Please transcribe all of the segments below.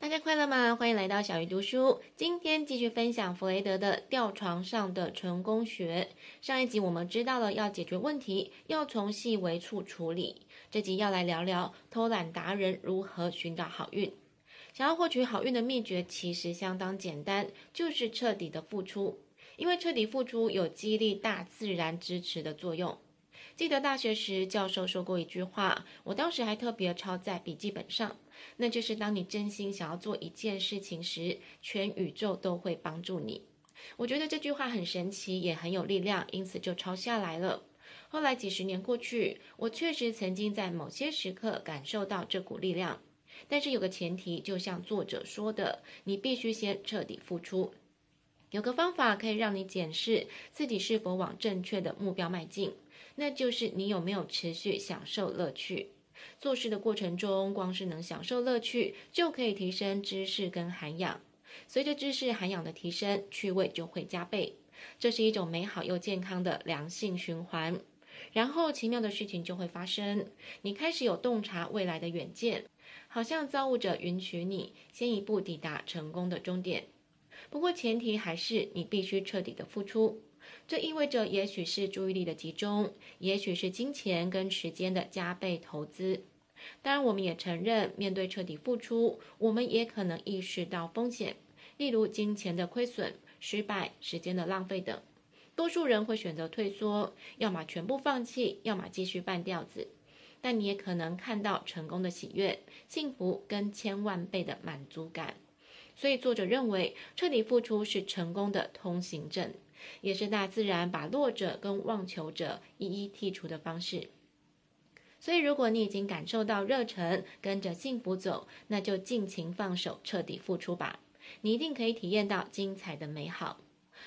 大家快樂嗎？歡迎來到小魚讀書。今天繼續分享弗雷德的吊床上的成功學。上一集我們知道了要解決問題，要從細微處處理，這集要來聊聊偷懶達人如何尋找好運。想要獲取好運的秘訣其實相當簡單，就是徹底的付出，因為徹底付出有激勵大自然支持的作用。記得大學時，教授說過一句話，我當時還特別抄在筆記本上，那就是：當你真心想要做一件事情時，全宇宙都會幫助你。我覺得這句話很神奇，也很有力量，因此就抄下來了。後來幾十年過去，我確實曾經在某些時刻感受到這股力量，但是有個前提，就像作者說的，你必須先徹底付出。有個方法可以讓你檢視自己是否往正確的目標邁進。那就是你有沒有持續享受樂趣。做事的過程中，光是能享受樂趣就可以提升知識跟涵養。隨着知識涵養的提升，趣味就會加倍。這是一種美好又健康的良性循環。然後，奇妙的事情就會發生，你開始有洞察未來的遠見，好像造物者允許你先一步抵達成功的終點。不過，前提還是你必須徹底的付出。這意味着，也許是注意力的集中，也許是金錢跟時間的加倍投資。當然，我們也承認，面對徹底付出，我們也可能意識到風險，例如金錢的虧損、失敗、時間的浪費等。多數人會選擇退縮，要麼全部放棄，要麼繼續半吊子。但你也可能看到成功的喜悅、幸福跟千萬倍的滿足感。所以，作者認為，徹底付出是成功的通行證，也是大自然把弱者跟妄求者一一剔除的方式。所以，如果你已經感受到熱忱，跟着幸福走，那就盡情放手，徹底付出吧。你一定可以體驗到精彩的美好。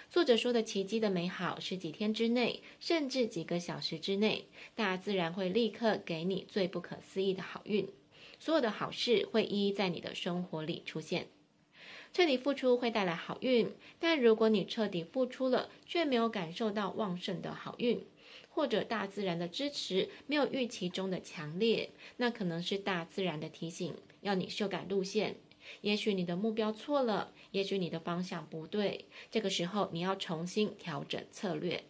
作者說的奇蹟的美好，是幾天之內，甚至幾個小時之內，大自然會立刻給你最不可思議的好運。所有的好事會一一在你的生活裡出現。徹底付出會帶來好運，但如果你徹底付出了，卻沒有感受到旺盛的好運，或者大自然的支持沒有預期中的強烈，那可能是大自然的提醒，要你修改路線。也許你的目標錯了，也許你的方向不對。這個時候，你要重新調整策略。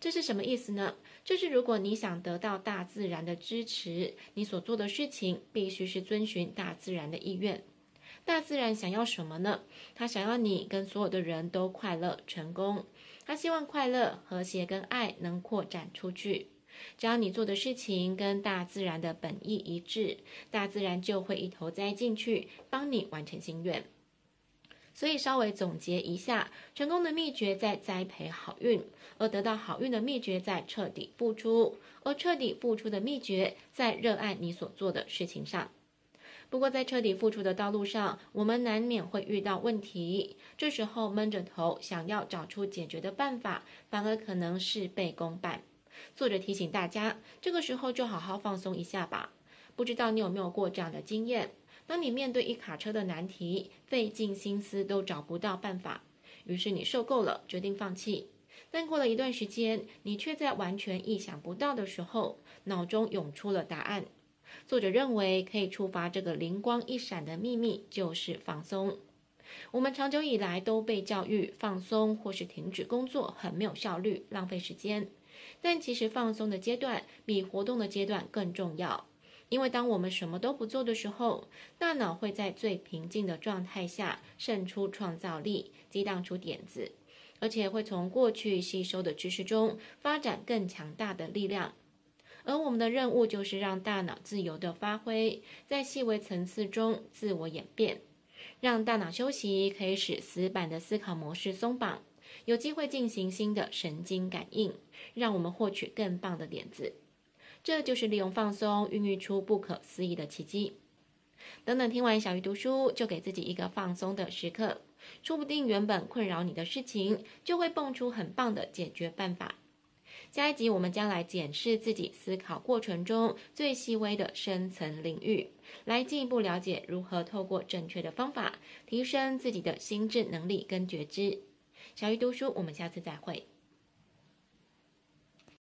這是什麼意思呢？就是如果你想得到大自然的支持，你所做的事情必須是遵循大自然的意願。大自然想要什麼呢？他想要你跟所有的人都快樂成功。他希望快樂、和諧跟愛能擴展出去。只要你做的事情跟大自然的本意一致，大自然就會一頭栽進去，幫你完成心願。所以稍微總結一下，成功的秘訣在栽培好運，而得到好運的秘訣在徹底付出，而徹底付出的秘訣在熱愛你所做的事情上。不過，在徹底付出的道路上，我們難免會遇到問題。這時候悶着頭想要找出解決的辦法，反而可能事倍功半。作者提醒大家，這個時候就好好放鬆一下吧。不知道你有沒有過這樣的經驗？當你面對一卡車的難題，費盡心思都找不到辦法，於是你受夠了，決定放棄。但過了一段時間，你卻在完全意想不到的時候，腦中湧出了答案。作者認為，可以觸發這個靈光一閃的秘密就是放鬆。我們長久以來都被教育，放鬆或是停止工作很沒有效率，浪費時間。但其實放鬆的階段比活動的階段更重要，因為當我們什麼都不做的時候，大腦會在最平靜的狀態下滲出創造力，激盪出點子，而且會從過去吸收的知識中發展更強大的力量。而我們的任務就是讓大腦自由的發揮，在細微層次中自我演變，讓大腦休息，可以使死板的思考模式鬆綁，有機會進行新的神經感應，讓我們獲取更棒的點子。這就是利用放鬆孕育出不可思議的奇蹟。等等，聽完小魚讀書，就給自己一個放鬆的時刻，說不定原本困擾你的事情就會蹦出很棒的解決辦法。下一集，我們將來檢視自己思考過程中最細微的深層領域，來進一步了解如何透過正確的方法提升自己的心智能力跟覺知。小魚讀書，我們下次再會。